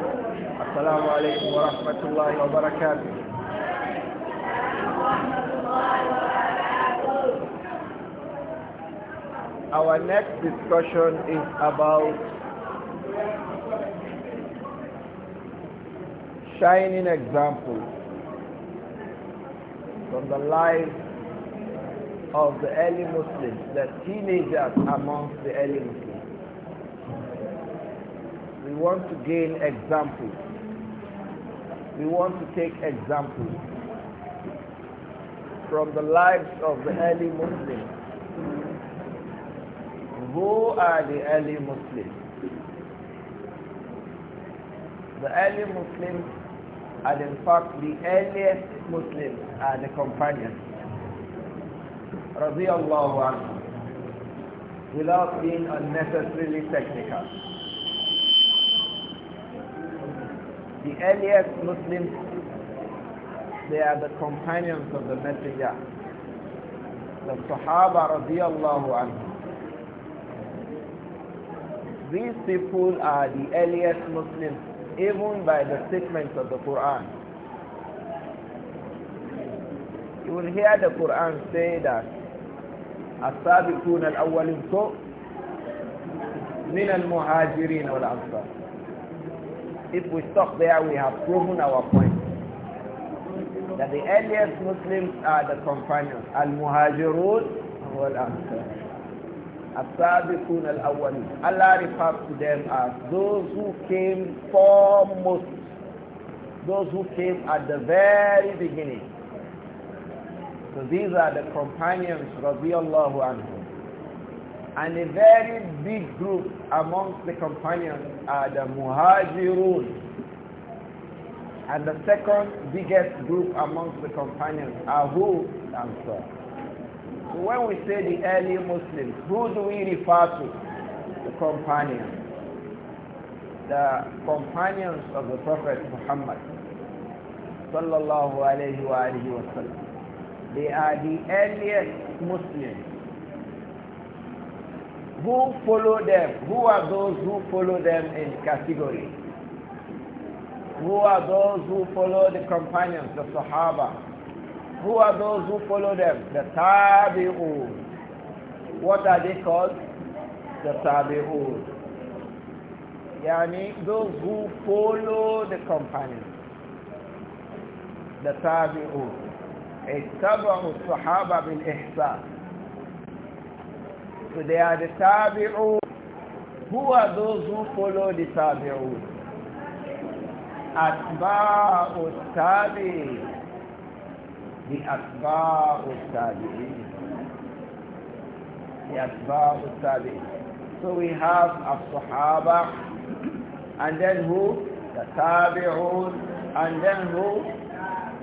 السلام عليكم ورحمة الله وبركاته Our next discussion is about shining examples from the lives of the early Muslims, the teenagers amongst the early Muslims want to gain examples. We want to take examples from the lives of the early Muslims. Who are the early Muslims? The early Muslims and in fact the earliest Muslims are the companions. Radiallahu anhu. Without being unnecessarily technical. The earliest Muslims, they are the companions of the Messenger. The Sahaba radiallahu anhu. These people are the earliest Muslims, even by the statements of the Quran. You will hear the Quran say that السابقون الأولون من المهاجرين والأنصار if we stop there, we have proven our point. That the earliest Muslims are the companions. Al-Muhajirun wal-Ansar. As-Sabiqun al-Awwalin. Allah refers to them as those who came foremost. Those who came at the very beginning. So these are the companions, radiallahu anhu. And a very big group amongst the companions are the muhajirun. And the second biggest group amongst the companions are who? Ansar. So when we say the early Muslims, who do we refer to? The companions. The companions of the Prophet Muhammad. Sallallahu alayhi wa They are the earliest Muslims who follow them? Who are those who follow them in category? Who are those who follow the companions, the Sahaba? Who are those who follow them? The Tabi'un. What are they called? The Tabi'un. Yani those who follow the companions. The Tabi'un. Sahaba bin Ihsan people. They are the tabi'un. Who are those who follow the tabi'un? Atba'u tabi. The atba'u tabi. The atba'u tabi. So we have as-sahaba and then who? The tabi'un and then who?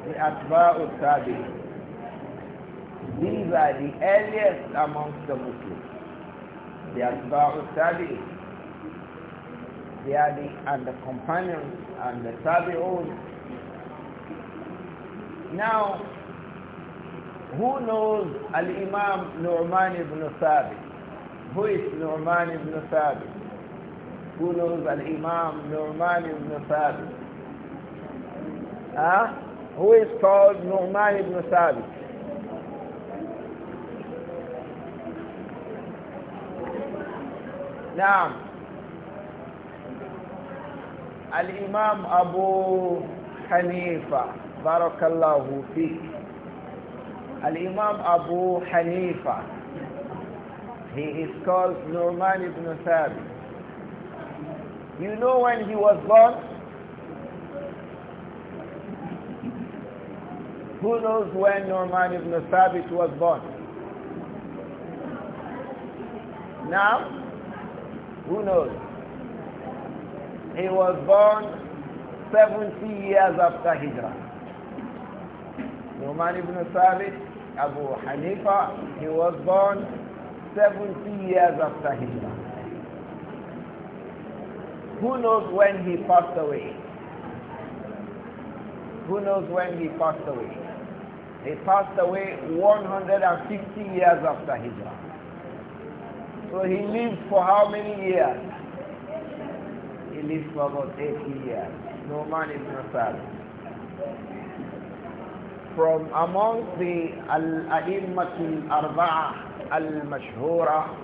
The atba'u tabi. These are the earliest amongst the Muslims. They are Tba'u Tabi'i. They and the companions and the Tabi'un. Now, who knows Al-Imam Nu'man ibn Thabit? Who is Nu'man ibn Thabit? Who knows Al-Imam Nu'man ibn Thabit? Huh? Who is called Nu'man ibn Thabit? نعم الإمام أبو حنيفة بارك الله فيك الإمام أبو حنيفة he is called Norman ibn Thabit you know when he was born Who knows when Norman ibn Thabit was born? Now, who knows? He was born 70 years after Hijrah. Numan ibn Thabit, Abu Hanifa, he was born 70 years after Hijrah. Who knows when he passed away? Who knows when he passed away? He passed away 150 years after Hijrah. So he lived for how many years? He lived for about 80 years. No man is Nasar. From among the Al-A'immatul Arba'a Al-Mashhura,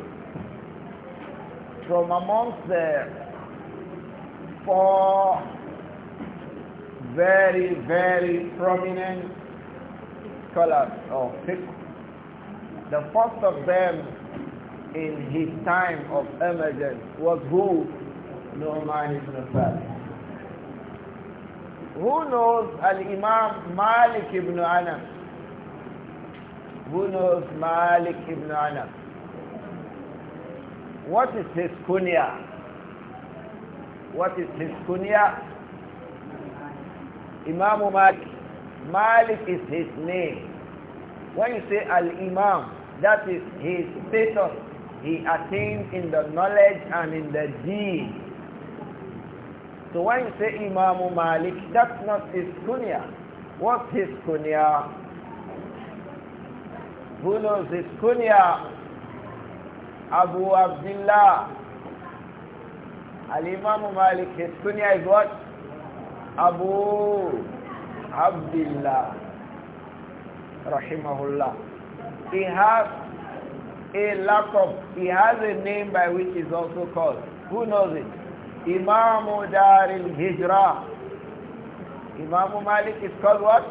from among the four very, very prominent scholars of fiqh, the first of them in his time of emergence was who? No is ibn Thabit. Who knows Al-Imam Malik ibn Anas? Who knows Malik ibn Anas? What is his kunya? What is his kunya? Imam Malik. Malik is his name. When you say Al-Imam, that is his status he attained in the knowledge and in the deed. So when you say Imam Malik, that's not his kunya. What's his kunya? Who knows his kunya? Abu Abdullah. Al-Imam Malik, his kunya is what? Abu Abdullah. Rahimahullah. He has a of. He has a name by which he's also called. Who knows it? Imam Dar al-Hijra. Imam Malik is called what?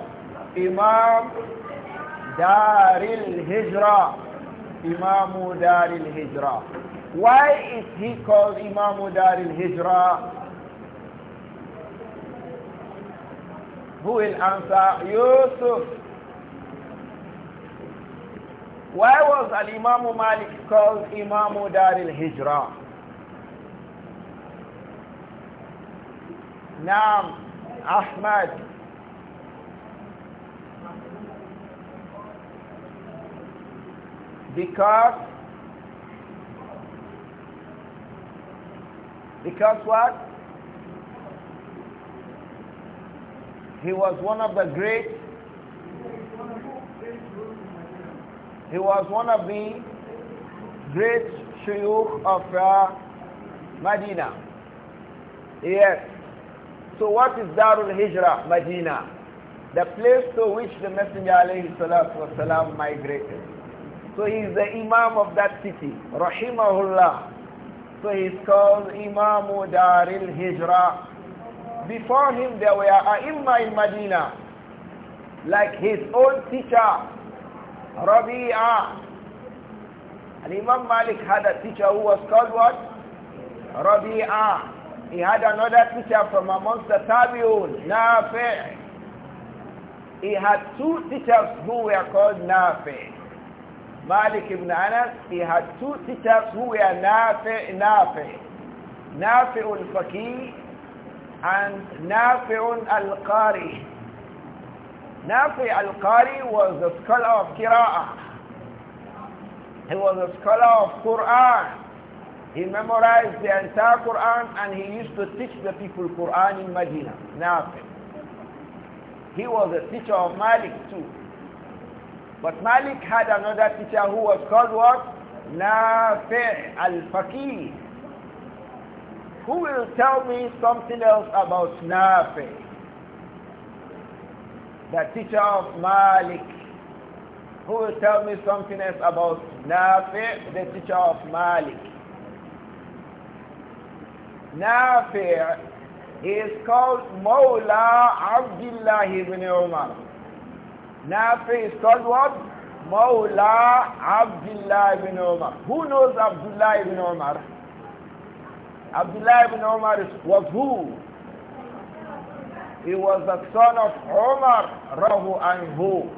Imam Dar al-Hijra. Imam Dar al-Hijra. Why is he called Imam Dar al-Hijra? Who will answer? Yusuf. Why was Al-Imam Malik called Imam Dar al-Hijra? Naam, Ahmad. Because because what? He was one of the great He was one of the great shuyukh of uh, Medina. Yes. So what is Darul Hijrah, Medina? The place to which the Messenger alayhi migrated. So he is the Imam of that city, Rahimahullah. So he is called Imam Darul Hijrah. Before him there were ai am in Medina, like his own teacher, Rabi'a. And Imam Malik had a teacher who was called what? Rabi'ah. He had another teacher from amongst the Tabi'un, Nafi'. He had two teachers who were called Nafi'. Malik ibn Anas, he had two teachers who were Nafi', Nafi'. Nafi'ul Faqih and Nafi'un Al-Qari. Nafi al-Qari was a scholar of Qira'ah. He was a scholar of Quran. He memorized the entire Quran and he used to teach the people Quran in Medina. Nafi. He was a teacher of Malik too. But Malik had another teacher who was called what? Nafi al-Faqih. Who will tell me something else about Nafi? the teacher of Malik, who will tell me something else about Nafi, the teacher of Malik. Nafi is called Mawla Abdullah ibn Umar. Nafi is called what? Mawla Abdullah ibn Umar. Who knows Abdullah ibn Umar? Abdullah ibn Umar was who? He was the son of Umar Rahu Anhu.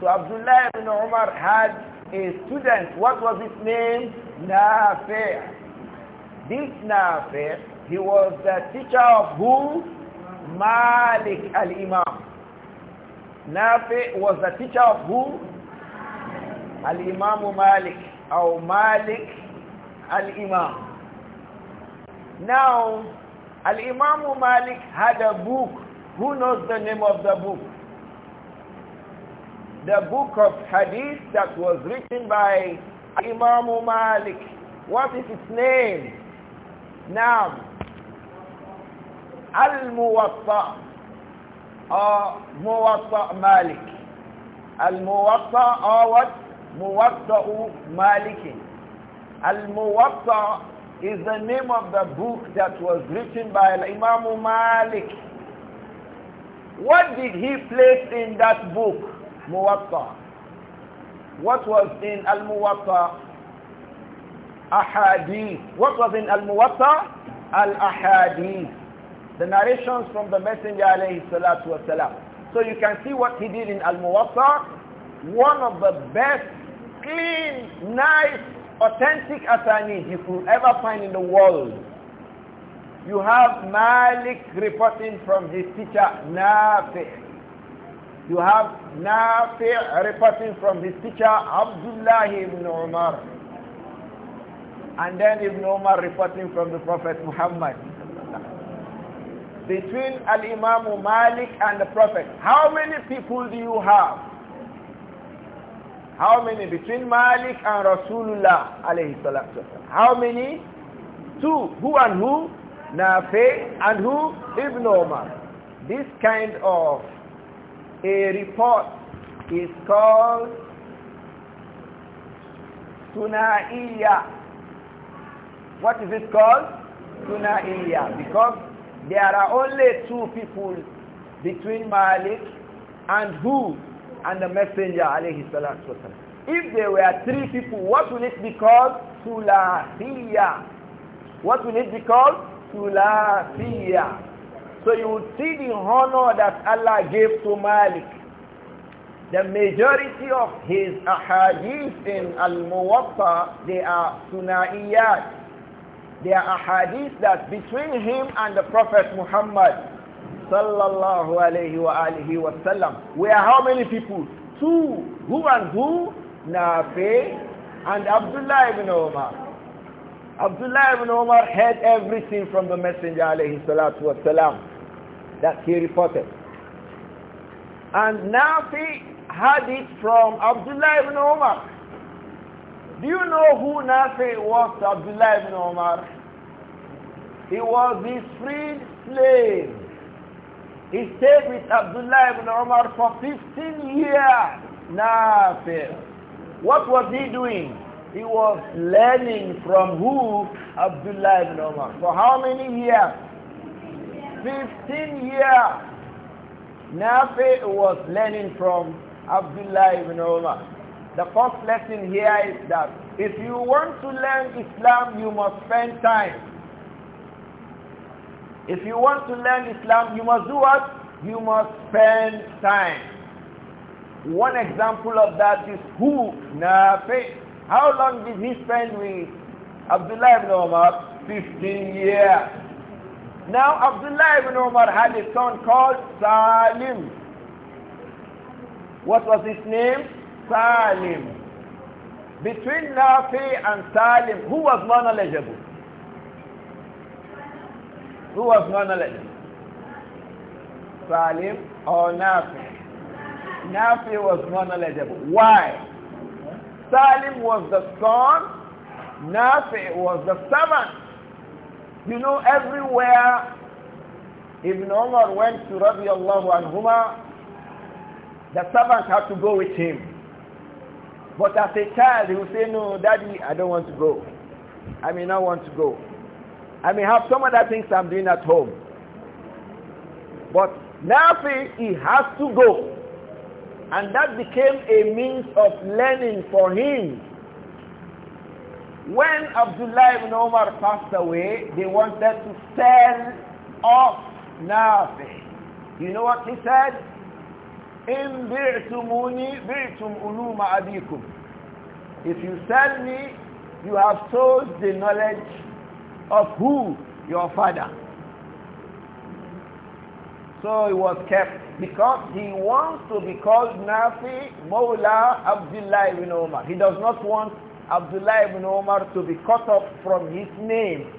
So Abdullah ibn Umar had a student. What was his name? Nafi'. This Nafi', he was the teacher of who? Malik al-Imam. Nafi' was the teacher of who? Al-Imam Malik. Or Malik al-Imam. Now, Al-Imam Malik had a book. Who knows the name of the book? The book of hadith that was written by Imam Malik. What is its name? Naam. Al-Muwatta or Muwatta Malik. Al-Muwatta or what? Muwatta Malik. Al-Muwatta is the name of the book that was written by Imam Malik. What did he place in that book? Muwatta. What was in Al-Muwatta? Ahadith. What was in Al-Muwatta? Al-Ahadith. The narrations from the Messenger alayhi salatu wasalam. So you can see what he did in Al-Muwatta. One of the best, clean, nice authentic attorneys you could ever find in the world. You have Malik reporting from his teacher Nafi. You have Nafi reporting from his teacher Abdullah ibn Umar. And then Ibn Umar reporting from the Prophet Muhammad. Between Al-Imam Malik and the Prophet, how many people do you have? How many between Malik and Rasulullah alayhi salatu How many? Two. Who and who? Nafeh and who? Ibn Omar. This kind of a report is called Sunaiya. What is it called? Sunaiya. Because there are only two people between Malik and who? and the messenger alayhi salatu wasalam. If there were three people, what will it be called? Sulafiyya. What will it be called? Sulafiyya. So you will see the honor that Allah gave to Malik. The majority of his ahadith in Al-Muwatta, they are Sunaiyat. They are ahadith that between him and the Prophet Muhammad sallallahu alayhi wa alihi wa sallam were how many people? Two. Who and who? Nafi and Abdullah ibn Umar. Abdullah ibn Umar heard everything from the Messenger alayhi salatu wa salam that he reported. And Nafi had it from Abdullah ibn Umar. Do you know who Nafi was to Abdullah ibn Umar? He was his freed slave. He stayed with Abdullah ibn Umar for 15 years. Nafi. What was he doing? He was learning from who? Abdullah ibn Umar. For how many years? 15 years. Nafi was learning from Abdullah ibn Umar. The first lesson here is that if you want to learn Islam, you must spend time. If you want to learn Islam, you must do what? You must spend time. One example of that is who? Nafi. How long did he spend with Abdullah ibn Umar? 15 years. Now Abdullah ibn Umar had a son called Salim. What was his name? Salim. Between Nafi and Salim, who was more knowledgeable? Who was non-eligible? Salim or Nafi? Nafi was non-eligible. Why? Salim was the son, Nafi was the servant. You know, everywhere Ibn Umar went to radiallahu anhuma, the servant had to go with him. But as a child, he would say, no, daddy, I don't want to go. I may not want to go. I may have some other things I'm doing at home. But Nafi, he has to go. And that became a means of learning for him. When Abdullah ibn Omar passed away, they wanted to sell off Nafi. You know what he said? إن بعتموني بعتم علوم If you sell me, you have sold the knowledge of who? Your father. So he was kept because he wants to be called Nafi Mawla Abdullah ibn Omar. He does not want Abdullah ibn Omar to be cut off from his name.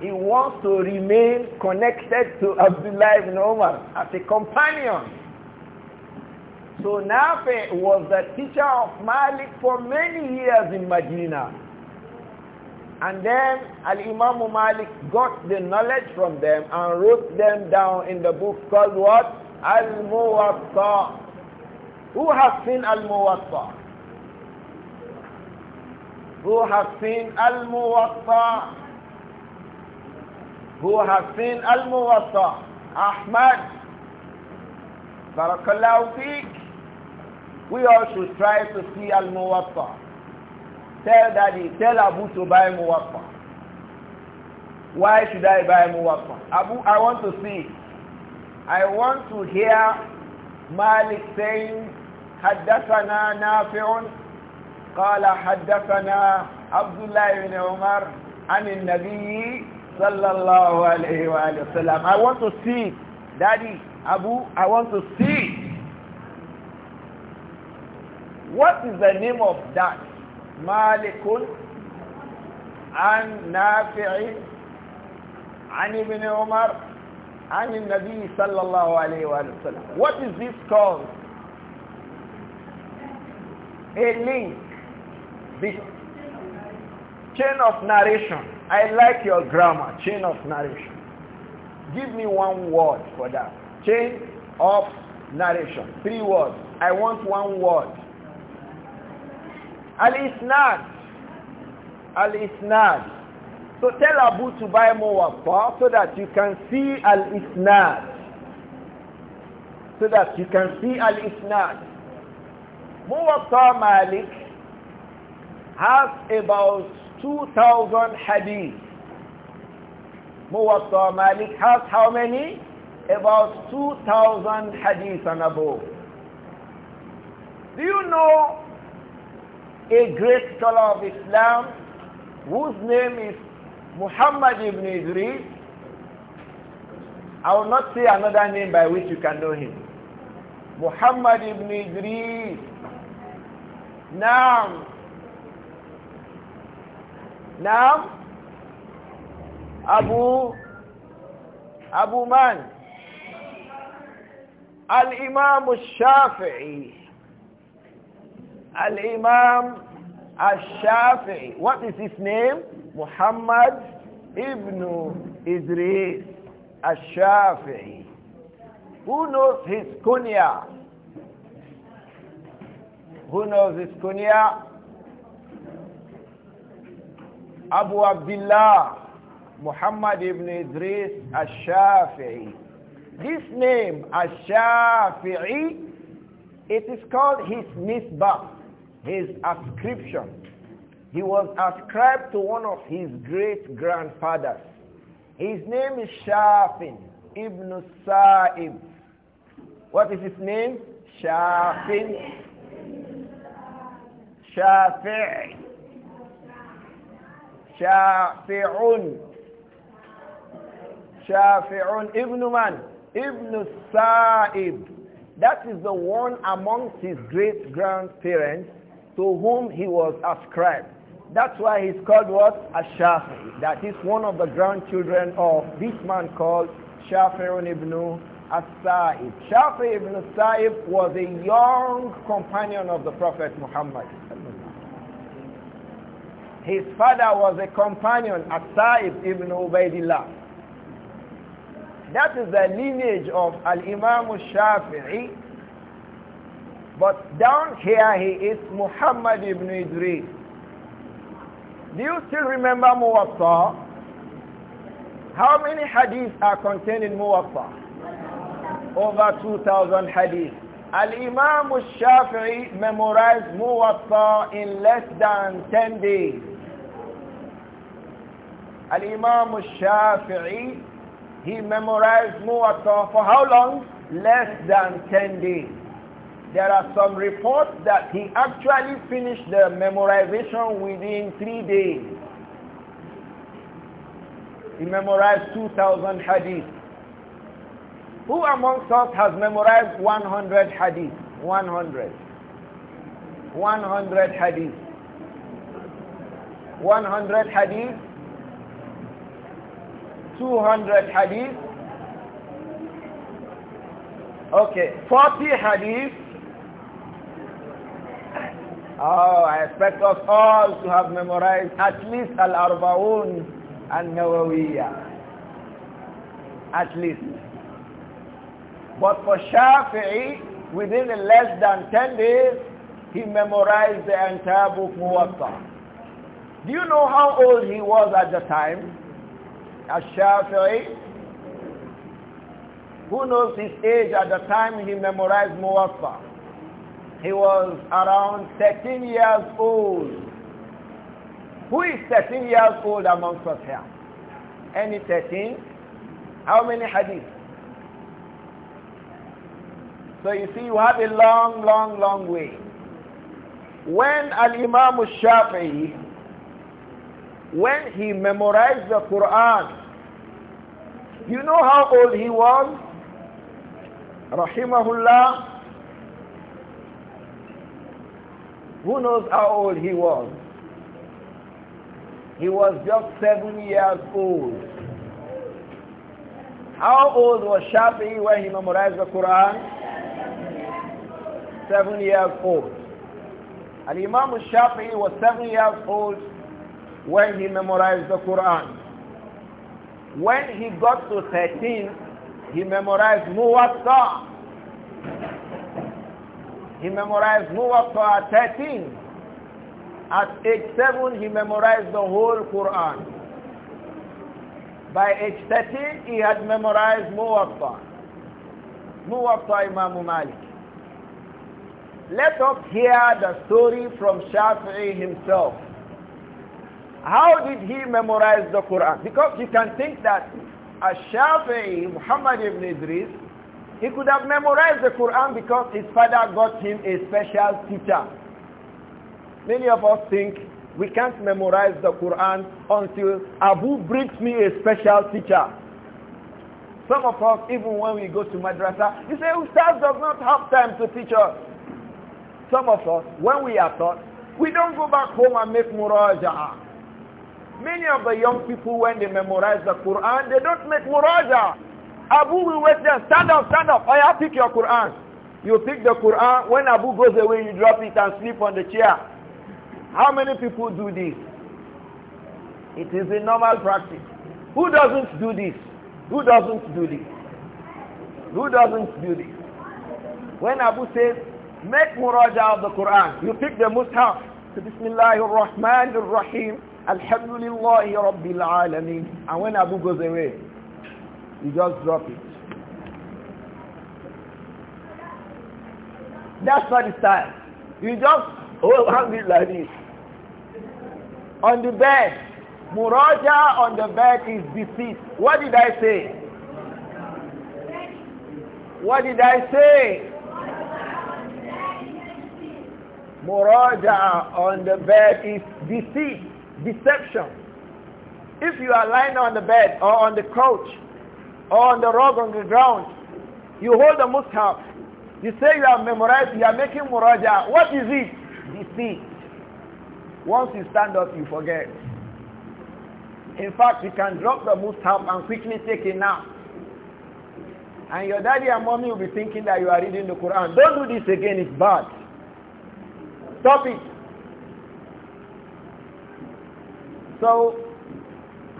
He wants to remain connected to Abdullah ibn Omar as a companion. So Nafi was the teacher of Malik for many years in Medina. And then Al-Imam Malik got the knowledge from them and wrote them down in the book called what? Al-Muwatta. Who has seen Al-Muwatta? Who has seen Al-Muwatta? Who has seen Al-Muwatta? Ahmad. Barakallahu fiqh. We all should try to see Al-Muwatta. Tell daddy, tell Abu to buy Muwaffa. Why should I buy Muwaffa? Abu, I want to see. I want to hear Malik saying, حدثنا نافع قال حدثنا عبد الله بن عمر عن النبي صلى الله عليه وآله وسلم I want to see daddy Abu I want to see what is the name of that مالك عن نافع عن ابن عمر عن النبي صلى الله عليه وآله وسلم what is this called a link the chain of narration I like your grammar chain of narration give me one word for that chain of narration three words I want one word Al-Isnad. Al-Isnad. So tell Abu to buy more Muwaffa so that you can see Al-Isnad. So that you can see Al-Isnad. Muwatta Malik has about 2,000 hadith. Muwatta Malik has how many? About 2,000 hadith and above. Do you know a great scholar of Islam whose name is Muhammad ibn Idris. I will not say another name by which you can know him. Muhammad ibn Idris. Now, now, Abu Abu Man Al Imam Al Shafi'i Al-Imam Ash-Shafi'i. What is his name? Muhammad ibn Idris Ash-Shafi'i. Who knows his kunya? Who knows his kunya? Abu Abdullah Muhammad ibn Idris Ash-Shafi'i. This name, Ash-Shafi'i, it is called his misbah his ascription. He was ascribed to one of his great grandfathers. His name is Shafin ibn Sa'ib. What is his name? Shafin. Shafi'. Shafi'un. Shafi'un ibn man. Ibn Sa'ib. That is the one amongst his great grandparents to whom he was ascribed. That's why he's called what? Ash-Shafi'i. is one of the grandchildren of this man called Shafi'un ibn As-Sa'ib. Shafi' ibn As-Sa'ib was a young companion of the Prophet Muhammad. His father was a companion, As-Sa'ib ibn Ubaidillah. That is the lineage of Al-Imam Shafi'i but down here he is Muhammad ibn Idris. Do you still remember Muwatta? How many hadiths are contained in Muwatta? Over 2,000 hadiths. Al-Imam al-Shafi'i memorized Muwatta in less than 10 days. Al-Imam al-Shafi'i, he memorized Muwatta for how long? Less than 10 days. There are some reports that he actually finished the memorization within three days. He memorized 2,000 hadith. Who amongst us has memorized 100 hadith? 100. 100 hadith. 100 hadith. 200 hadith. Okay, 40 hadith. Oh, I expect us all to have memorized at least Al-Arbaun and Nawawiyah. At least. But for Shafi'i, within less than 10 days, he memorized the entire book Muwatta. Do you know how old he was at the time? Al-Shafi'i? Who knows his age at the time he memorized Muwatta? He was around 13 years old. Who is 13 years old amongst us here? Any 13? How many hadith? So you see, you have a long, long, long way. When Al-Imam Shafi'i, when he memorized the Quran, you know how old he was? Rahimahullah, Who knows how old he was? He was just seven years old. How old was Shafi'i when he memorized the Quran? Seven years old. And Imam Shafi'i was seven years old when he memorized the Quran. When he got to 13, he memorized Muwatta. He memorized Muwatta at 13. At age 7, he memorized the whole Quran. By age 30, he had memorized Muwatta. Muwatta Imam Malik. Let us hear the story from Shafi'i himself. How did he memorize the Quran? Because you can think that a shafii Muhammad ibn Idris, he could have memorized the Quran because his father got him a special teacher. Many of us think we can't memorize the Quran until Abu brings me a special teacher. Some of us, even when we go to madrasa, you say, Ustaz does not have time to teach us. Some of us, when we are taught, we don't go back home and make muraja. Many of the young people, when they memorize the Quran, they don't make muraja. Abu will wait there. Stand up, stand up. I pick your Quran. You pick the Quran. When Abu goes away, you drop it and sleep on the chair. How many people do this? It is a normal practice. Who doesn't do this? Who doesn't do this? Who doesn't do this? When Abu says, make muraja of the Quran, you pick the mushaf. Bismillahir Rahmanir Rahim. Alhamdulillahi Rabbil Alameen. And when Abu goes away, you just drop it. That's not the style. You just hold it like this. On the bed. Muraja on the bed is deceit. What did I say? What did I say? Muraja on the bed is deceit, deception. If you are lying on the bed or on the couch or on the rug on the ground. You hold the mushaf. You say you are memorized, you are making muraja. What is it? Deceit. Once you stand up, you forget. In fact, you can drop the mushaf and quickly take a nap. And your daddy and mommy will be thinking that you are reading the Quran. Don't do this again, it's bad. Stop it. So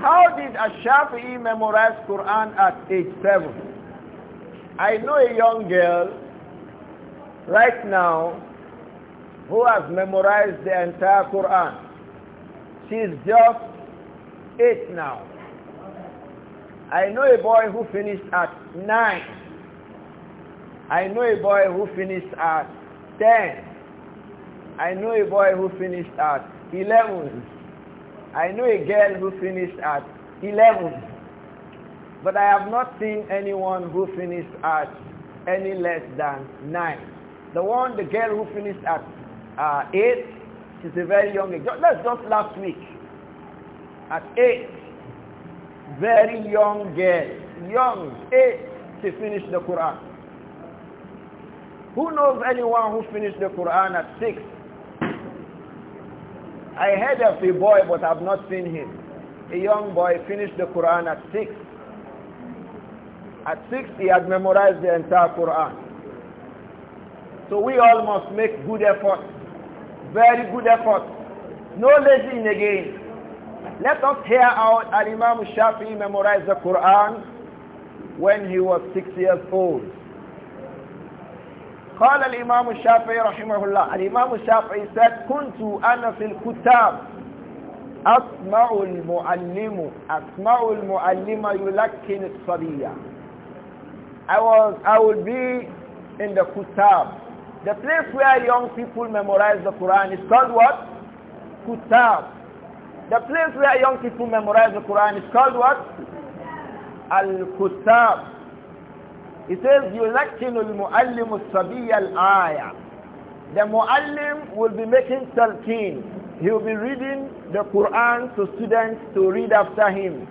how did Ash-Shafi'i memorize Quran at age 7? I know a young girl right now who has memorized the entire Quran. She's just 8 now. I know a boy who finished at 9. I know a boy who finished at 10. I know a boy who finished at 11. I know a girl who finished at 11, but I have not seen anyone who finished at any less than 9. The one, the girl who finished at uh, 8, she's a very young girl. That's just last week. At 8, very young girl, young, 8, she finished the Quran. Who knows anyone who finished the Quran at 6? I heard of a boy, but I've not seen him. A young boy finished the Quran at 6. At 6, he had memorized the entire Quran. So we all must make good effort. Very good effort. No lazying again. Let us hear out Al-Imam Shafi memorized the Quran when he was six years old. قال الإمام الشافعي رحمه الله الإمام الشافعي said كنت أنا في الكتاب أسمع المعلم أسمع المعلم يلكن الصبية I was I will be in the Kutab the place where young people memorize the Quran is called what Kutab the place where young people memorize the Quran is called what Al-Kutab He says, يُلَكِّنُ الْمُؤَلِّمُ الصَّبِيَّ الْآيَةِ The muallim will be making talqeen. He will be reading the Quran to students to read after him.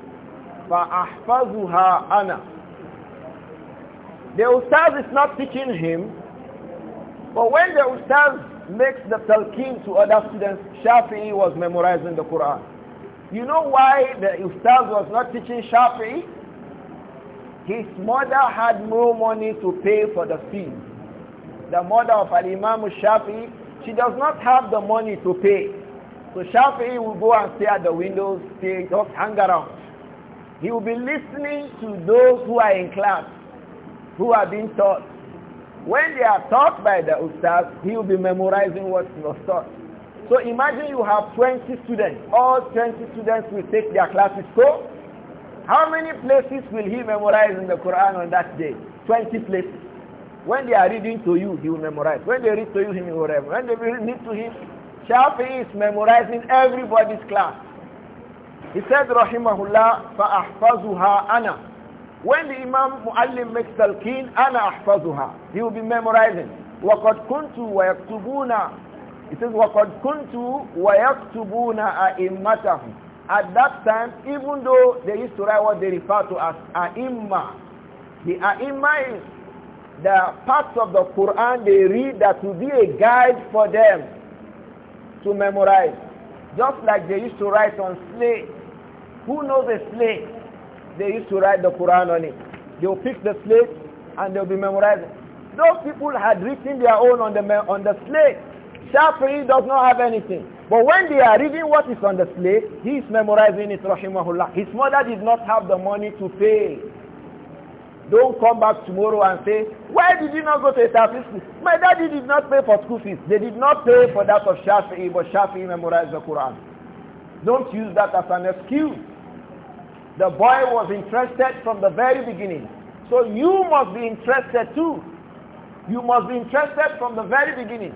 فَأَحْفَظُهَا أَنَا The ustaz is not teaching him, but when the ustaz makes the talqeen to other students, Shafi'i was memorizing the Quran. You know why the ustaz was not teaching Shafi'i? His mother had no money to pay for the fee. The mother of Al-Imam Shafi, she does not have the money to pay. So Shafi will go and stay at the windows, stay, just hang around. He will be listening to those who are in class, who are being taught. When they are taught by the ustaz, he will be memorizing what was taught. So imagine you have 20 students. All 20 students will take their classes. So how many places will he memorize in the Quran on that day? 20 places. When they are reading to you, he will memorize. When they read to you, he will memorize. When they read to him, Shafi is memorizing everybody's class. He said, Rahimahullah, فَأَحْفَظُهَا أَنَا When the Imam Muallim makes talqeen, أَنَا أَحْفَظُهَا He will be memorizing. وَقَدْ كُنْتُ وَيَكْتُبُونَ It says, وَقَدْ كُنْتُ وَيَكْتُبُونَ أَئِمَّتَهُمْ at that time, even though they used to write what they refer to as Aimma, the Aimma is the parts of the Quran they read that will be a guide for them to memorize. Just like they used to write on slate. Who knows a slate? They used to write the Quran on it. They'll pick the slate and they'll be memorizing. Those people had written their own on the, on the slate. Shafi'i does not have anything. But when they are reading what is on the slate, he is memorizing it, rahimahullah. His mother did not have the money to pay. Don't come back tomorrow and say, why did you not go to a Shafi school? My daddy did not pay for school fees. They did not pay for that of Shafi'i, but Shafi'i memorized the Quran. Don't use that as an excuse. The boy was interested from the very beginning. So you must be interested too. You must be interested from the very beginning.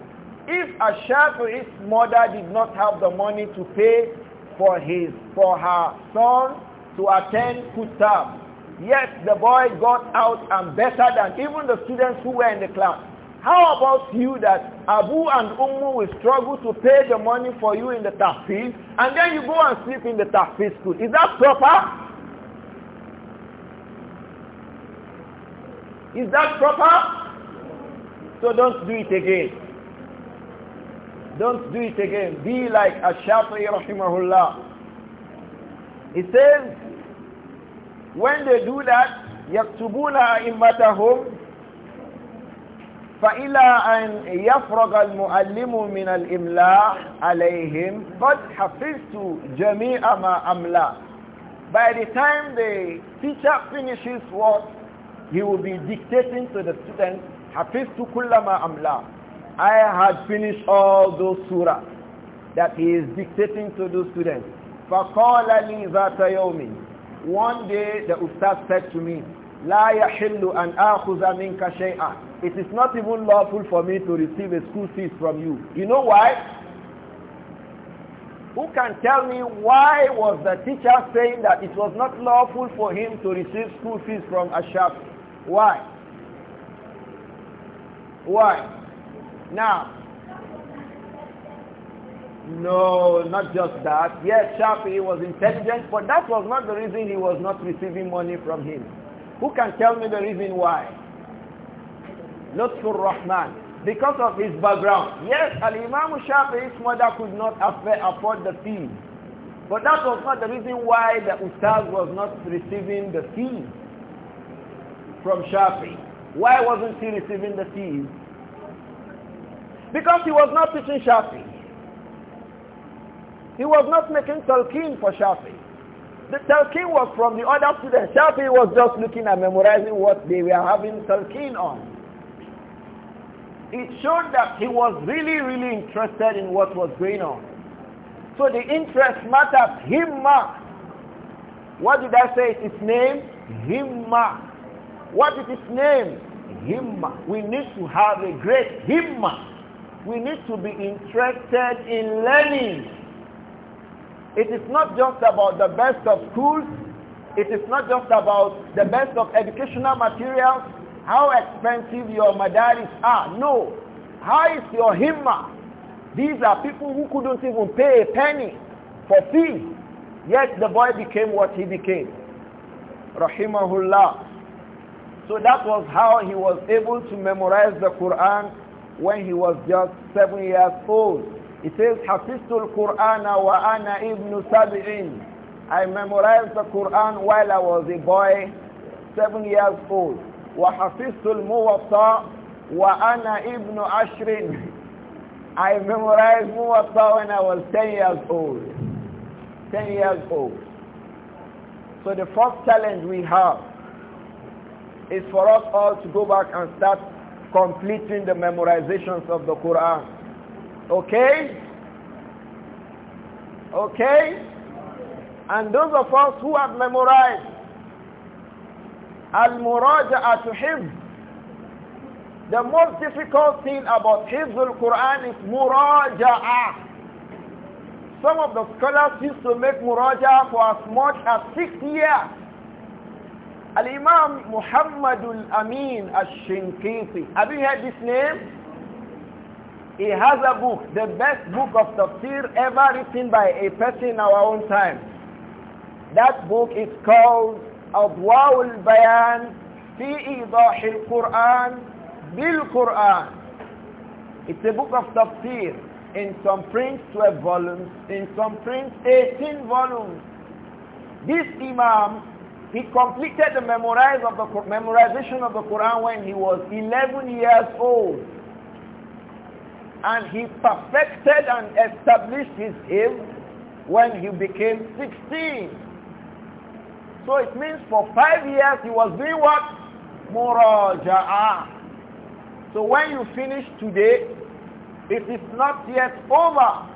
If Ashafi's mother did not have the money to pay for his for her son to attend Kutab, yet the boy got out and better than even the students who were in the class. How about you that Abu and Ummu will struggle to pay the money for you in the tafsir and then you go and sleep in the tafsir school? Is that proper? Is that proper? So don't do it again. Don't do it again. Be like Ash-Shafi'i rahimahullah. He says, when they do that, يكتبون أئمتهم فإلى أن يفرغ الْمُؤَلِّمُ من الإملاء عليهم قد حفظت جميع ما أملا By the time the teacher finishes what he will be dictating to the students حفظت كل ما أملا I had finished all those surah that he is dictating to those students. فَقَالَ لِي ذَاتَ يَوْمٍ One day the Ustaz said to me, لَا يَحِلُّ أَنْ أَخُذَ مِنْكَ شَيْئًا It is not even lawful for me to receive a school fees from you. You know why? Who can tell me why was the teacher saying that it was not lawful for him to receive school fees from Ashab? Why? Why? Now, no, not just that. Yes, Shafi was intelligent, but that was not the reason he was not receiving money from him. Who can tell me the reason why? Lutfur Rahman. Because of his background. Yes, Al-Imam Shafi's mother could not afford the fee. But that was not the reason why the Ustaz was not receiving the fee from Shafi. Why wasn't he receiving the fee? Because he was not teaching Shafi. He was not making talqeen for Shafi. The talqeen was from the other students. Shafi was just looking and memorizing what they were having talqeen on. It showed that he was really, really interested in what was going on. So the interest matters. Himma. What did I say? Its name? Himma. What is its name? Himma. We need to have a great himma we need to be interested in learning. It is not just about the best of schools. It is not just about the best of educational materials, how expensive your madaris are. No. How is your himma? These are people who couldn't even pay a penny for fees. Yet the boy became what he became. Rahimahullah. So that was how he was able to memorize the Quran when he was just seven years old. He says, Hafizul Quran wa ana ibn I memorized the Quran while I was a boy, seven years old. Wa hafizul Muwatta wa ana ibn I memorized Muwatta when I was 10 years old. 10 years old. So the first challenge we have is for us all to go back and start completing the memorizations of the Quran. Okay? Okay? And those of us who have memorized Al-Muraja'atu Hifz the most difficult thing about Hizbul Quran is Muraja'ah. Some of the scholars used to make Muraja'ah for as much as six years. Al-Imam Muhammadul Amin Ash-Shinkiti. Have you heard this name? He has a book, the best book of tafsir ever written by a person in our own time. That book is called al Bayan fi البيان al Quran bil Quran. It's a book of tafsir in some print 12 volumes, in some print 18 volumes. This Imam he completed the, memorize of the memorization of the Quran when he was 11 years old. And he perfected and established his aim when he became 16. So it means for five years he was doing what? Muraja'ah. So when you finish today, it is not yet over.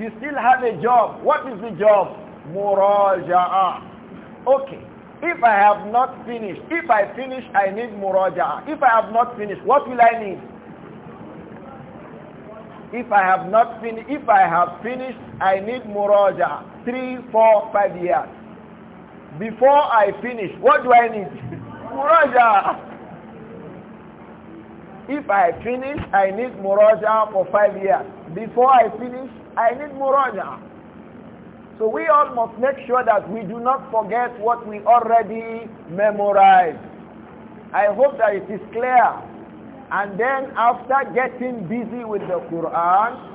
You still have a job. What is the job? Muraja'ah. Okay. If I have not finished, if I finish, I need muraja. If I have not finished, what will I need? If I have not finished, if I have finished, I need muraja. Three, four, five years. Before I finish, what do I need? muraja. If I finish, I need muraja for five years. Before I finish, I need muraja. So we all must make sure that we do not forget what we already memorized. I hope that it is clear. And then after getting busy with the Quran,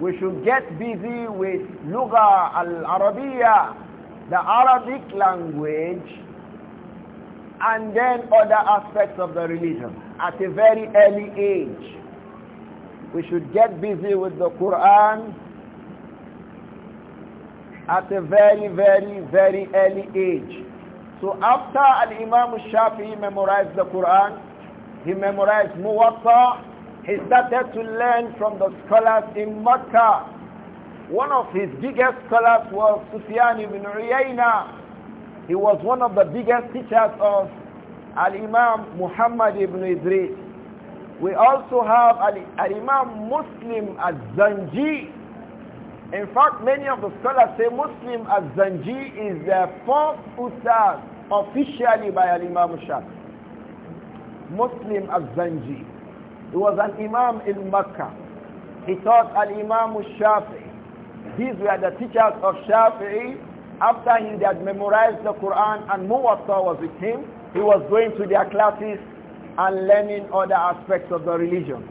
we should get busy with Luga al-Arabiya, the Arabic language, and then other aspects of the religion at a very early age. We should get busy with the Quran at a very, very, very early age. So after Al-Imam Shafi memorized the Quran, he memorized Muwatta, he started to learn from the scholars in Mecca. One of his biggest scholars was Sufyan ibn Uyayna. He was one of the biggest teachers of Al-Imam Muhammad ibn Idris. We also have Al-Imam Muslim al-Zanji in fact, many of the scholars say Muslim Az-Zanji is the fourth ustaz officially by Al-Imam Shafi. Muslim Az-Zanji. He was an Imam in Mecca. He taught Al-Imam Shafi. These were the teachers of Shafi'i. After he had memorized the Quran and Muwatta was with him, he was going to their classes and learning other aspects of the religion.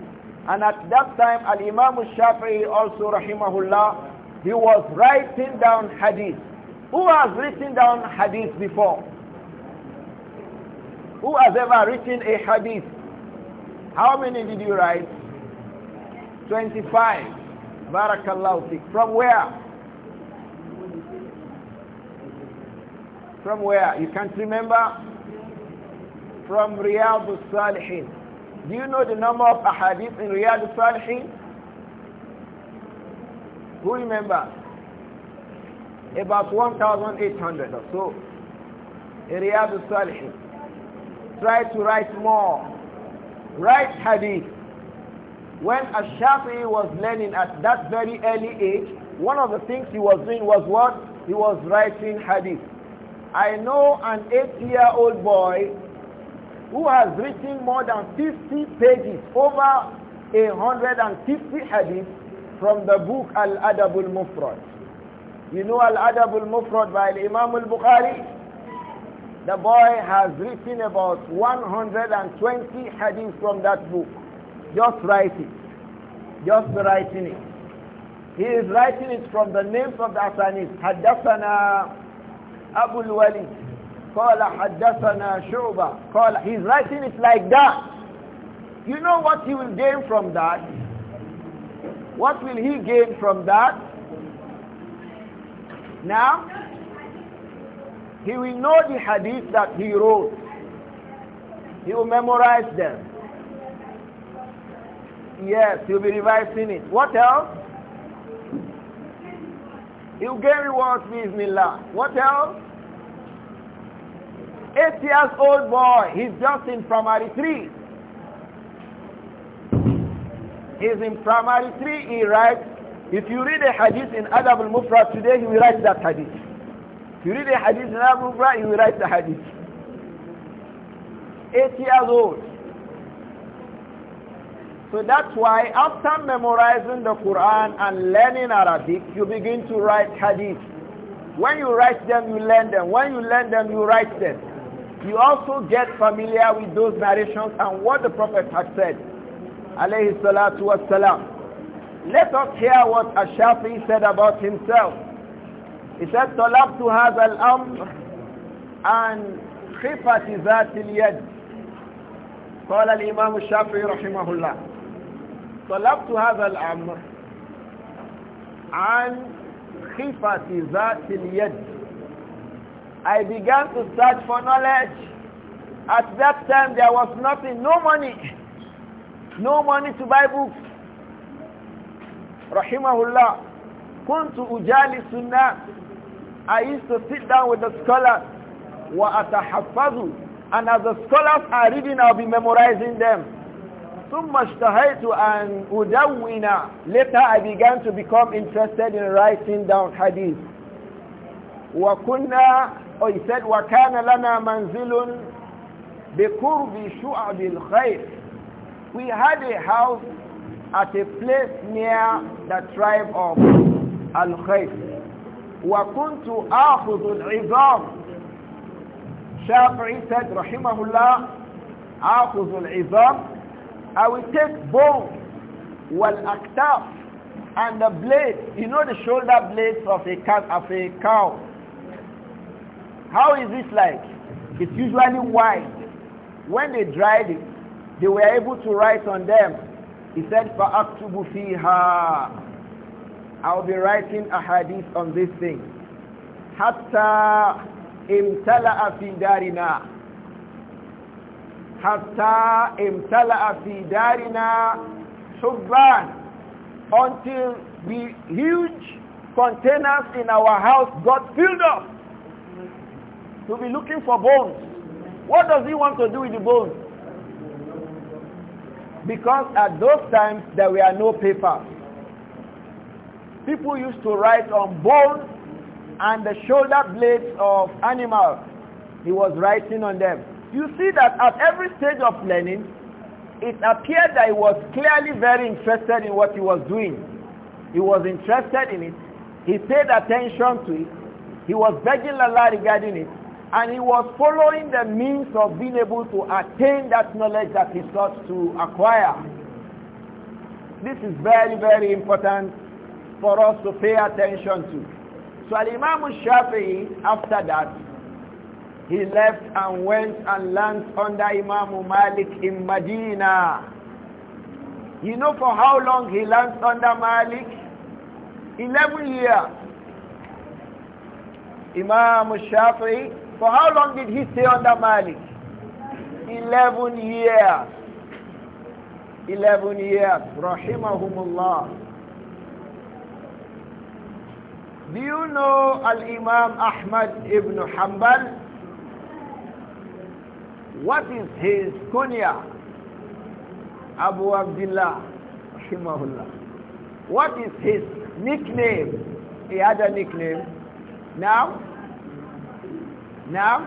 And at that time, Al-Imam Shafi'i also, rahimahullah, he was writing down hadith. Who has written down hadith before? Who has ever written a hadith? How many did you write? 25. Barakallahu From where? From where? You can't remember? From Riyadh al-Salihin. Do you know the number of ahadith in Riyadh al-Salihin? Who remember About 1,800 or so. Riyadh al-Salihin. Try to write more. Write hadith. When Ash-Shafi'i was learning at that very early age, one of the things he was doing was what? He was writing hadith. I know an eight-year-old boy who has written more than 50 pages, over 150 hadith from the book Al-Adab al-Mufrad. You know Al-Adab al-Mufrad by Imam al-Bukhari? The boy has written about 120 hadiths from that book. Just writing. Just writing it. He is writing it from the names of the Asanis. Haddathana Abu al-Walid. قال Shoba. شعبة قال he's writing it like that you know what he will gain from that what will he gain from that? Now, he will know the hadith that he wrote. He will memorize them. Yes, he'll be revising it. What else? He'll get rewards, bismillah. What else? Eight years old boy, he's just in primary three is in primary three, he writes, if you read a hadith in Adab al-Mufrad today, he will write that hadith. If you read a hadith in Adab al-Mufrad, he will write the hadith. Eight years old. So that's why after memorizing the Quran and learning Arabic, you begin to write hadith. When you write them, you learn them. When you learn them, you write them. You also get familiar with those narrations and what the Prophet had said alayhi salatu wassalam. Let us hear what Ash-Shafi said about himself. He said, طلبت هذا الأمر عن خفة ذات اليد. قال الإمام الشافعي رحمه الله طلبت هذا الأمر عن خفة ذات اليد. I began to search for knowledge. At that time there was nothing, no money. No money to buy books. Rahimahullah. to ujali sunnah. I used to sit down with the scholars وأتحفظ and as the scholars are reading I'll be memorizing them ثم اشتهيت أن udawina. later I began to become interested in writing down hadith Wa kunna. Oh, he said lana لنا منزل بقرب شعب khayr we had a house at a place near the tribe of Al-Khayf. وَكُنْتُ al الْعِظَامِ Shafi'i said, rahimahullah, al الْعِظَامِ I will take bone, wal-aktaf, and the blade, you know the shoulder blades of a cat, of a cow. How is this like? It's usually wide. When they dried it, they were able to write on them. He said, فَأَكْتُبُ فِيهَا I'll be writing a hadith on this thing. حَتَّى امْتَلَأَ فِي دَارِنَا حَتَّى امْتَلَأَ فِي دَارِنَا Until the huge containers in our house got filled up. To be looking for bones. What does he want to do with the bones? Because at those times there were no papers. People used to write on bone and the shoulder blades of animals. He was writing on them. You see that at every stage of learning, it appeared that he was clearly very interested in what he was doing. He was interested in it. He paid attention to it. He was begging Allah regarding it. And he was following the means of being able to attain that knowledge that he sought to acquire. This is very, very important for us to pay attention to. So Al-Imam Shafi'i, after that, he left and went and learned under Imam Malik in Medina. You know for how long he learned under Malik? 11 years. Imam Shafi'i for how long did he stay under Malik? 11 years. 11 years. Rahimahumullah. Do you know Al-Imam Ahmad ibn Hanbal? What is his kunya? Abu Abdullah. Rahimahullah. What is his nickname? He had a nickname. Now, now,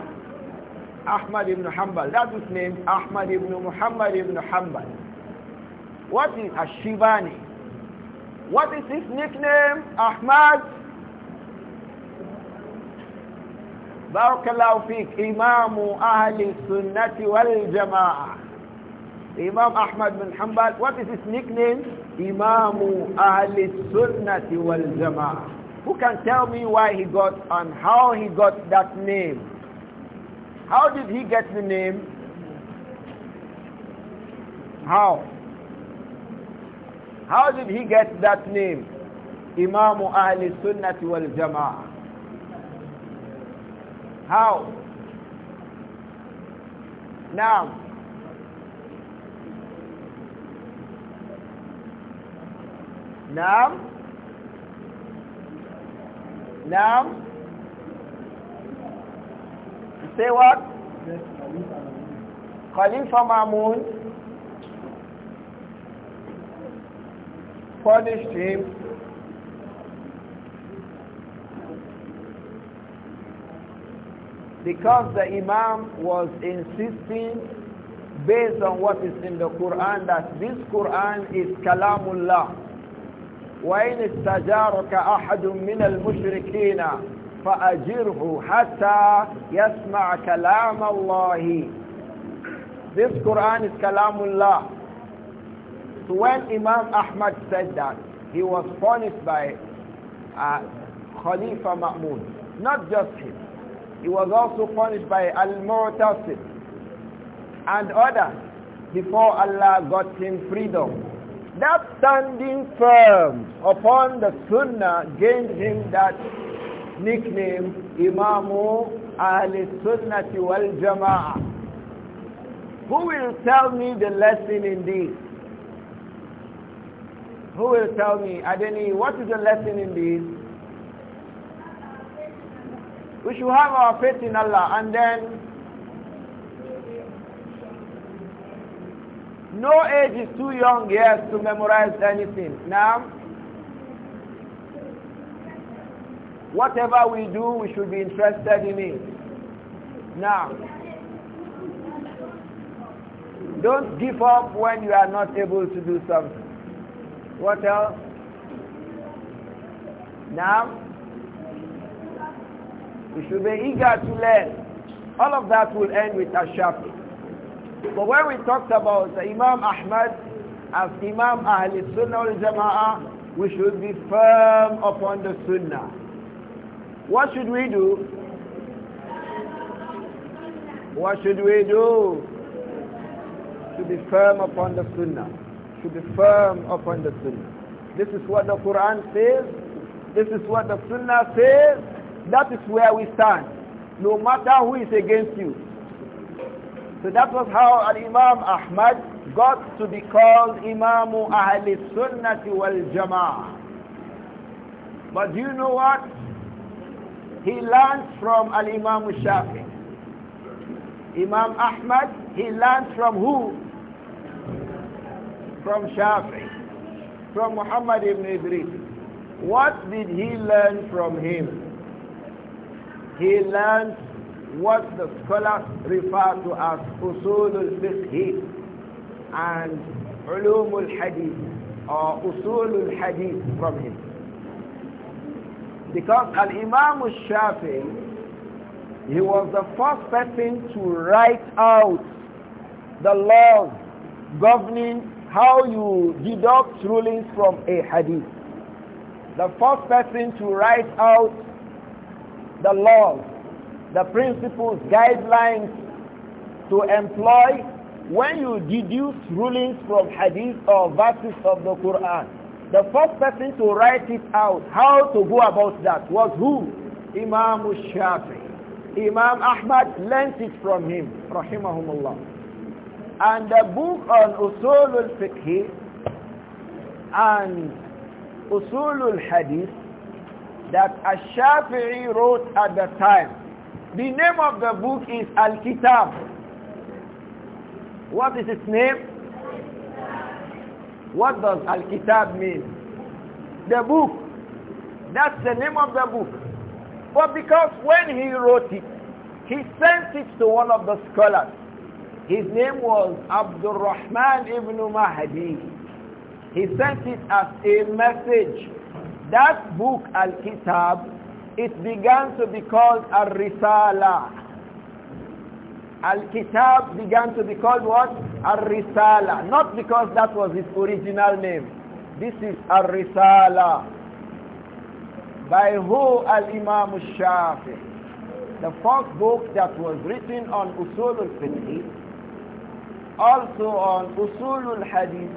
Ahmad ibn Hanbal. That his name, Ahmad ibn Muhammad ibn Hanbal. What is Ashibani? What is his nickname? Ahmad. Barakallahu fiqh, Imam Ahli Sunnati wal Jama'ah. Imam Ahmad ibn Hanbal, what is his nickname? Imam Ahli Sunnati wal Jama'ah. Who can tell me why he got and how he got that name? How did he get the name? How? How did he get that name? Imam Ahli Sunnah wal Jama'ah. How? Now, now, now. Say what? Khalifa Mamun punished him because the Imam was insisting based on what is in the Quran that this Quran is Kalamullah وَإِنِ اسْتَجَارَكَ أَحَدٌ مِنَ الْمُشْرِكِينَ فأجره حتى يسمع كلام الله This Quran is Kalamullah. So when Imam Ahmad said that, he was punished by uh, Khalifa Ma'mun. Not just him. He was also punished by Al-Mu'tasim and others before Allah got him freedom. That standing firm upon the Sunnah gained him that nickname Imamu Ahl Sunnati wal jamaa Who will tell me the lesson in this? Who will tell me, Adeni, what is the lesson in this? We should have our faith in Allah and then no age is too young, yes, to memorize anything. Now, Whatever we do, we should be interested in it. Now, don't give up when you are not able to do something. What else? Now, we should be eager to learn. All of that will end with Ashafi. But when we talked about Imam Ahmad as Imam Ahl Sunnah al Jama'ah, we should be firm upon the Sunnah. What should we do? What should we do? To be firm upon the Sunnah. To be firm upon the Sunnah. This is what the Quran says. This is what the Sunnah says. That is where we stand. No matter who is against you. So that was how Al-Imam Ahmad got to be called Imam Ahl Sunnah wal Jama'ah. But do you know what? he learned from Al-Imam Shafi. Imam Ahmad, he learned from who? From Shafi. From Muhammad ibn Idris. What did he learn from him? He learned what the scholars refer to as usul al-fiqh and ulum al-hadith or usul al-hadith from him. Because Al-Imam al-Shafi'i, he was the first person to write out the laws governing how you deduct rulings from a hadith. The first person to write out the laws, the principles, guidelines to employ when you deduce rulings from hadith or verses of the Quran. The first person to write it out, how to go about that, was who? Imam Shafi. Imam Ahmad learnt it from him, rahimahumullah. And the book on Usul al-Fiqh and Usul al-Hadith that Ash-Shafi'i wrote at the time. The name of the book is Al-Kitab. What is its name? What does Al-Kitab mean? The book. That's the name of the book. But because when he wrote it, he sent it to one of the scholars. His name was Abdul Rahman ibn Mahdi. He sent it as a message. That book, Al-Kitab, it began to be called Al-Risala. Al-Kitab began to be called what? Ar-Risala. Not because that was his original name. This is Ar-Risala. By who Al-Imam Shafi. The first book that was written on Usul al-Fiqh, also on Usul al-Hadith,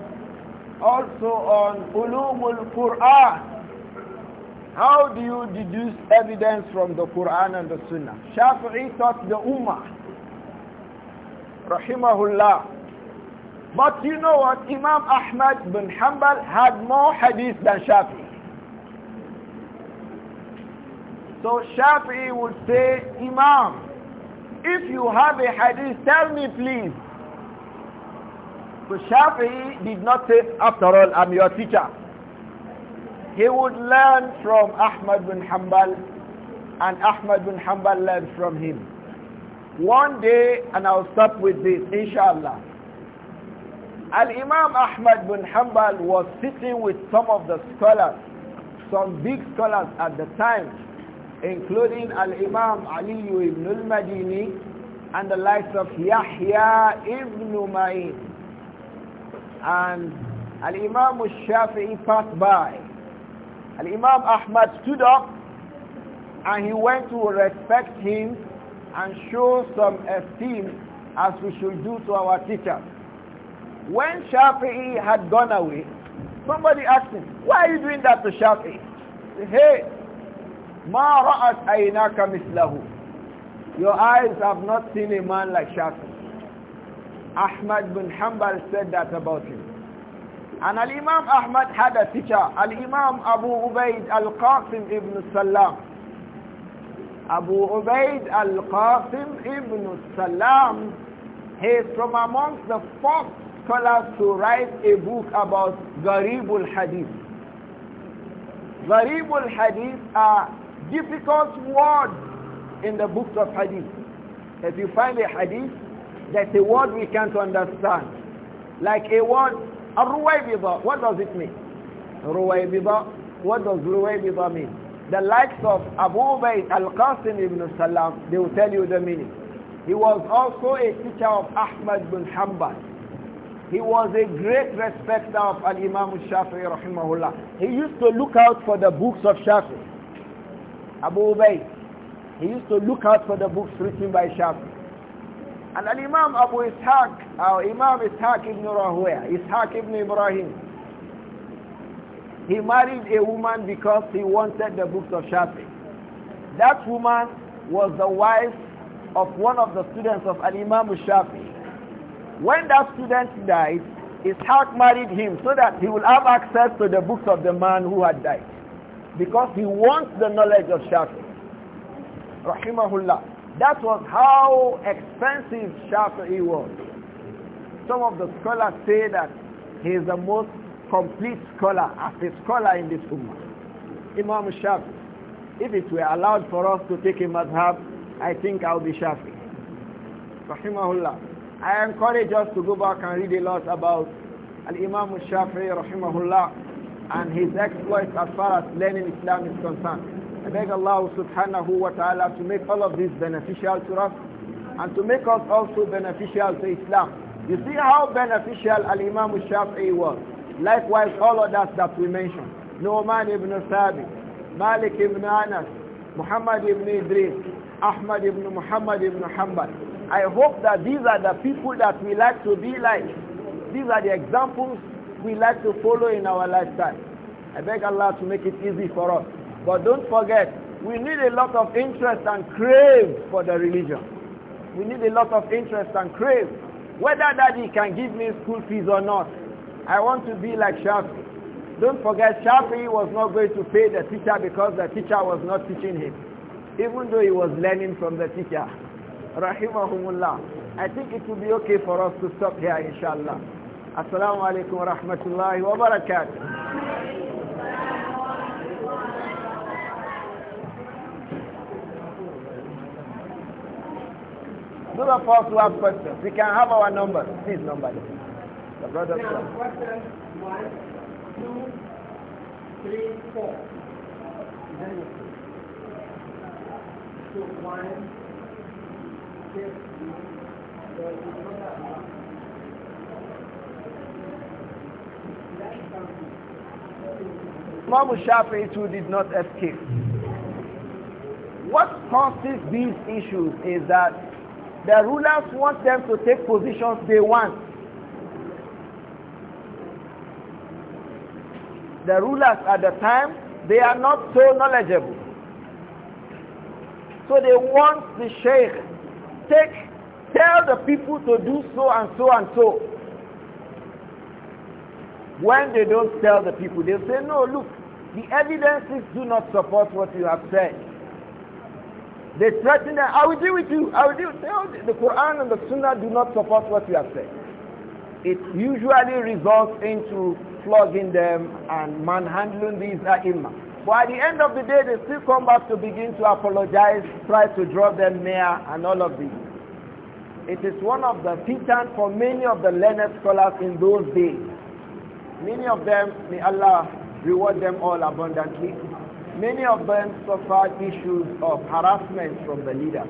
also on Ulum al-Qur'an. How do you deduce evidence from the Quran and the Sunnah? Shafi'i taught the Ummah. Rahimahullah. But you know what? Imam Ahmad bin Hanbal had more hadith than Shafi. So Shafi would say, Imam, if you have a hadith, tell me please. So Shafi did not say, after all, I'm your teacher. He would learn from Ahmad bin Hanbal and Ahmad bin Hanbal learned from him. One day, and I'll stop with this, inshallah. Al-Imam Ahmad bin Hanbal was sitting with some of the scholars, some big scholars at the time, including Al-Imam Ali ibn al-Madini and the likes of Yahya ibn Ma'in. And Al-Imam al-Shafi'i passed by. Al-Imam Ahmad stood up and he went to respect him and show some esteem as we should do to our teachers. When Shafi'i had gone away, somebody asked him, why are you doing that to Shafi'i? He said, hey, ma ra'at aynaka mislahu. Your eyes have not seen a man like Shafi'i. Ahmad bin Hanbal said that about him. And Al-Imam Ahmad had a teacher, Al-Imam Abu Ubaid Al-Qasim ibn Salam. Abu Ubaid Al-Qasim ibn Salam, he is from amongst the first scholars to write a book about Gharibul Hadith. Gharibul Hadith are difficult words in the books of Hadith. If you find a Hadith, that's a word we can't understand. Like a word, Ruwaybiba, what does it mean? Ruwaybiba, what does Ruwaybiba mean? The likes of Abu Ubaid al-Qasim ibn Salam, they will tell you the meaning. He was also a teacher of Ahmad bin Hanbal. He was a great respecter of Al-Imam Shafi'i rahimahullah. He used to look out for the books of Shafi. Abu Ubay. He used to look out for the books written by Shafi. And Al-Imam Abu Ishaq, our uh, Imam Ishaq ibn Ishaq ibn Ibrahim, he married a woman because he wanted the books of Shafi. That woman was the wife of one of the students of Al-Imam Shafi. When that student died, his heart married him so that he will have access to the books of the man who had died. Because he wants the knowledge of Shafi. Rahimahullah. That was how expensive Shafi was. Some of the scholars say that he is the most complete scholar as a scholar in this Ummah. Imam Shafi. If it were allowed for us to take a madhab, I think I'll be Shafi. Rahimahullah. I encourage us to go back and read a lot about Al-Imam al-Shafi'i rahimahullah and his exploits as far as learning Islam is concerned. I beg Allah subhanahu wa ta'ala to make all of this beneficial to us and to make us also beneficial to Islam. You see how beneficial Al-Imam al-Shafi'i was. Likewise, all others that we mentioned. Nu'man ibn Thabit, Malik ibn Anas, Muhammad ibn Idris, Ahmad ibn Muhammad ibn Hanbal. I hope that these are the people that we like to be like. These are the examples we like to follow in our lifetime. I beg Allah to make it easy for us. But don't forget, we need a lot of interest and crave for the religion. We need a lot of interest and crave. Whether daddy can give me school fees or not, I want to be like Shafi. Don't forget, Shafi was not going to pay the teacher because the teacher was not teaching him, even though he was learning from the teacher rahimahumullah. I think it will be okay for us to stop here, inshallah. Assalamu alaikum wa rahmatullahi wa barakatuh. of us have questions, we can have our number. Please number them. The brother's question one, two, three, four. one, Imam Shafi'i too did not escape. What causes these issues is that the rulers want them to take positions they want. The rulers at the time, they are not so knowledgeable. So they want the sheikh take tell the people to do so and so and so when they don't tell the people they say no look the evidences do not support what you have said they threaten them i will deal with you i will deal with you the quran and the sunnah do not support what you have said it usually results into flogging them and manhandling these ai but at the end of the day, they still come back to begin to apologize, try to draw them near, and all of this. It is one of the fitan for many of the learned scholars in those days. Many of them, may Allah reward them all abundantly. Many of them suffered issues of harassment from the leader.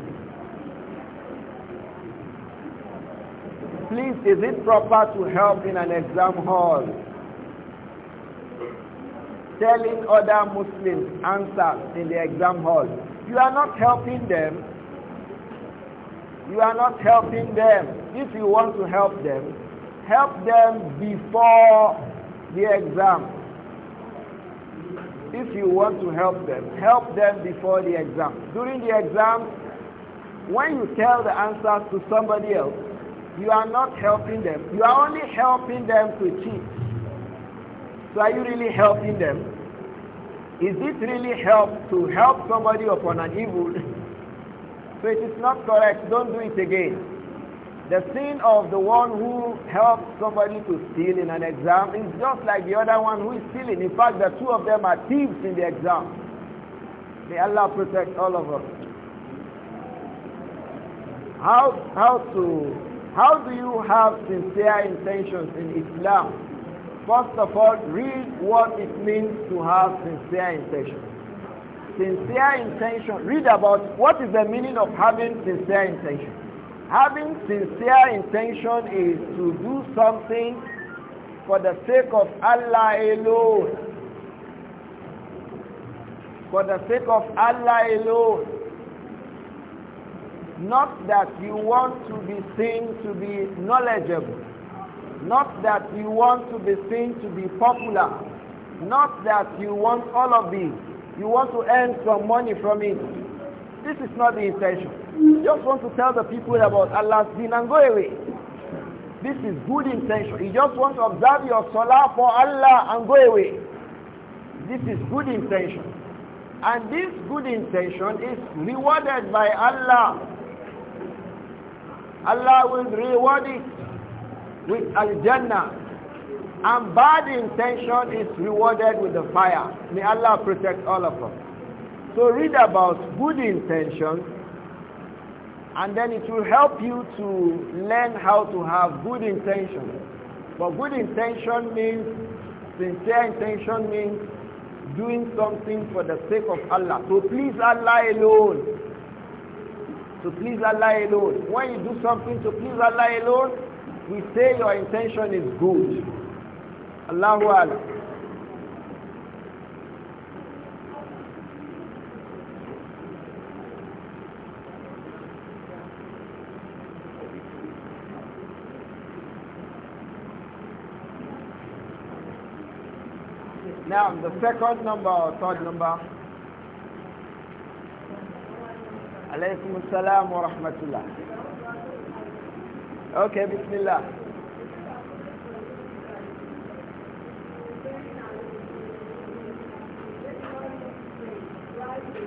Please, is it proper to help in an exam hall? telling other Muslims answers in the exam hall. You are not helping them. You are not helping them. If you want to help them, help them before the exam. If you want to help them, help them before the exam. During the exam, when you tell the answers to somebody else, you are not helping them. You are only helping them to cheat. So are you really helping them? Is it really help to help somebody upon an evil? so it is not correct. Don't do it again. The sin of the one who helps somebody to steal in an exam is just like the other one who is stealing. In fact, the two of them are thieves in the exam. May Allah protect all of us. How, how, to, how do you have sincere intentions in Islam First of all, read what it means to have sincere intention. Sincere intention, read about what is the meaning of having sincere intention. Having sincere intention is to do something for the sake of Allah alone. For the sake of Allah alone. Not that you want to be seen to be knowledgeable not that you want to be seen to be popular. Not that you want all of these. You want to earn some money from it. This is not the intention. You just want to tell the people about Allah's deen and go away. This is good intention. You just want to observe your salah for Allah and go away. This is good intention. And this good intention is rewarded by Allah. Allah will reward it with al-jannah and bad intention is rewarded with the fire may allah protect all of us so read about good intentions and then it will help you to learn how to have good intentions but good intention means sincere intention means doing something for the sake of allah to so please allah alone to please Allah alone. When you do something to please Allah alone, we say your intention is good. Allahu Akbar. Now, the second number or third number. Alaykum salam wa rahmatullah. Okay, Bismillah.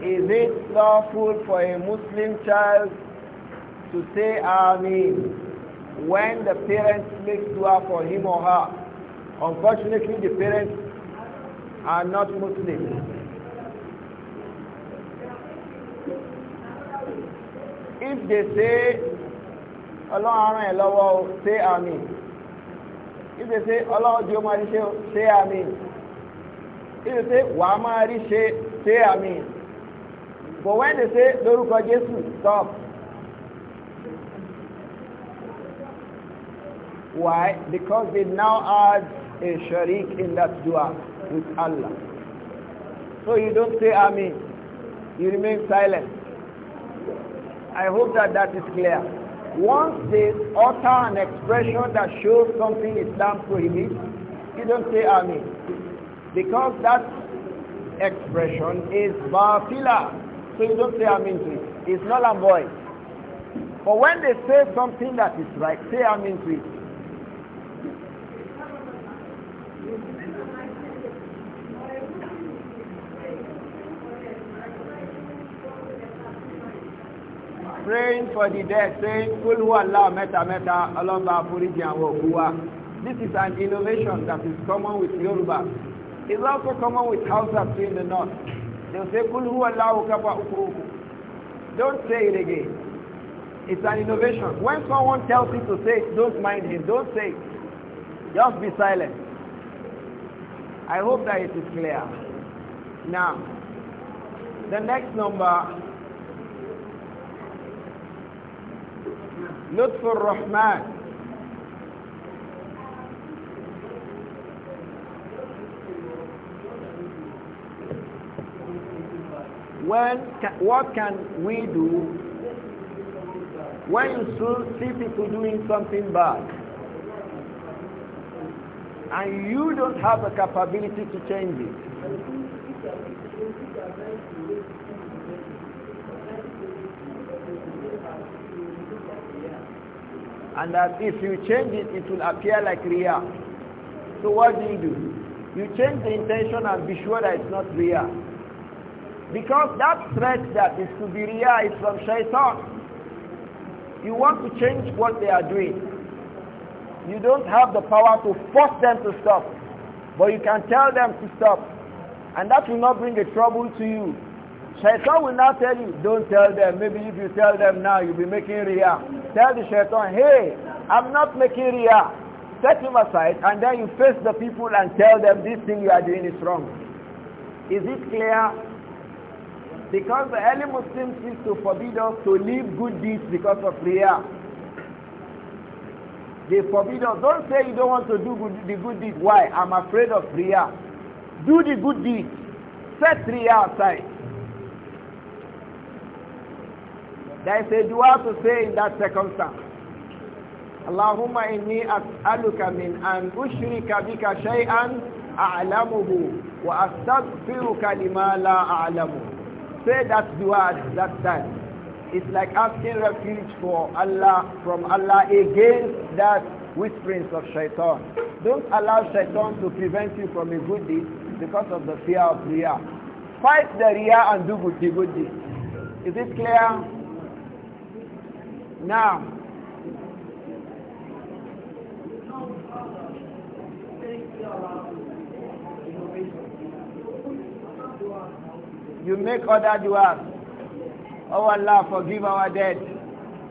Is it lawful for a Muslim child to say Ameen when the parents make dua for him or her? Unfortunately, the parents are not Muslim. If they say ọlọ́run aràn ẹ̀ lọ́wọ́ o ṣé àmì ìṣe ṣe ọlọ́run di o máa rí ṣe ṣé àmì ìṣe ṣe wà á máa rí ṣe ṣé àmì but when they say lórúkọ Jésù stop why because they now add a sharik in that dua with Allah so you don't say amin. you remain silent I hope that that is clear. Once they utter an expression that shows something Islam prohibits, you don't say Amin. Because that expression is batila. So you don't say Amin to it. It's null and void. But when they say something that is right, say Amin to it. praying for the dead saying "Kulhu Allah mẹ́ta mẹ́ta ọlọ́ba àforíjì àwọn òkú wa this is an innovation that is common with Yoruba it's also common with Hausa in the north they say "Kulhu Allah ukapa ukuruku don't say it again it's an innovation when someone tells you to say it don't mind him don't say it just be silent I hope that it is clear now the next number لطف الرحمن when what can we do when you see people doing something bad and you don't have the capability to change it and that if you change it, it will appear like Riyah. So what do you do? You change the intention and be sure that it's not Riyah. Because that threat that is to be Riyah is from Shaitan. You want to change what they are doing. You don't have the power to force them to stop, but you can tell them to stop. And that will not bring a trouble to you. Shaitan will not tell you, don't tell them. Maybe if you tell them now, you'll be making riyah. Tell the shaitan, hey, I'm not making riyah. Set him aside and then you face the people and tell them this thing you are doing is wrong. Is it clear? Because the early Muslims used to forbid us to leave good deeds because of riyah. They forbid us. Don't say you don't want to do good, the good deed. Why? I'm afraid of riyah. Do the good deed. Set riyah aside. There is a dua to say in that circumstance. Allahumma inni as'aluka min an ushrika bika shay'an a'lamuhu wa astaghfiruka lima la a'lamu. Say that dua at that time. It's like asking refuge for Allah from Allah against that whisperings of shaitan. Don't allow shaitan to prevent you from a good deed because of the fear of riyah. Fight the riyah and do good, the good deed. Is it clear? Now, you make other du'as. Oh Allah, forgive our dead.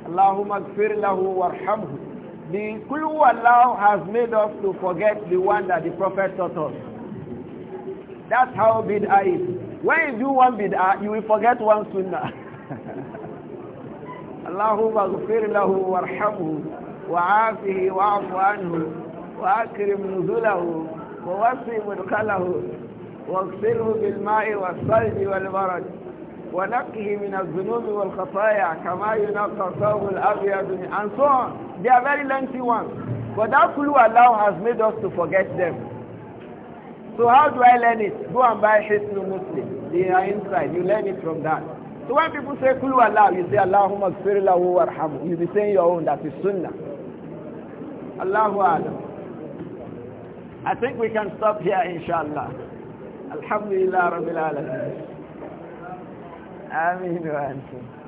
Allahumma gfir lahu warhamhu. The clue Allah has made us to forget the one that the Prophet taught us. That's how bid'ah is. When you do one bid'ah, you will forget one sunnah. اللهم اغفر له وارحمه وعافه واعف عنه وأكرم نزله ووسع مدخله واغسله بالماء والثلج والبرد ونقه من الذنوب والخطايا كما ينقى الثوب الابيض and so on they are very lengthy ones but that clue Allah has made us to forget them so how do I learn it go and buy Hisnu Muslim they are inside you learn it from that So when people say Kulu Allah, you say Allahumma gfir lahu warhamu. You be saying your own, that is Sunnah. Allahu Alam. I think we can stop here inshallah. Alhamdulillah Rabbil Alameen. Ameen wa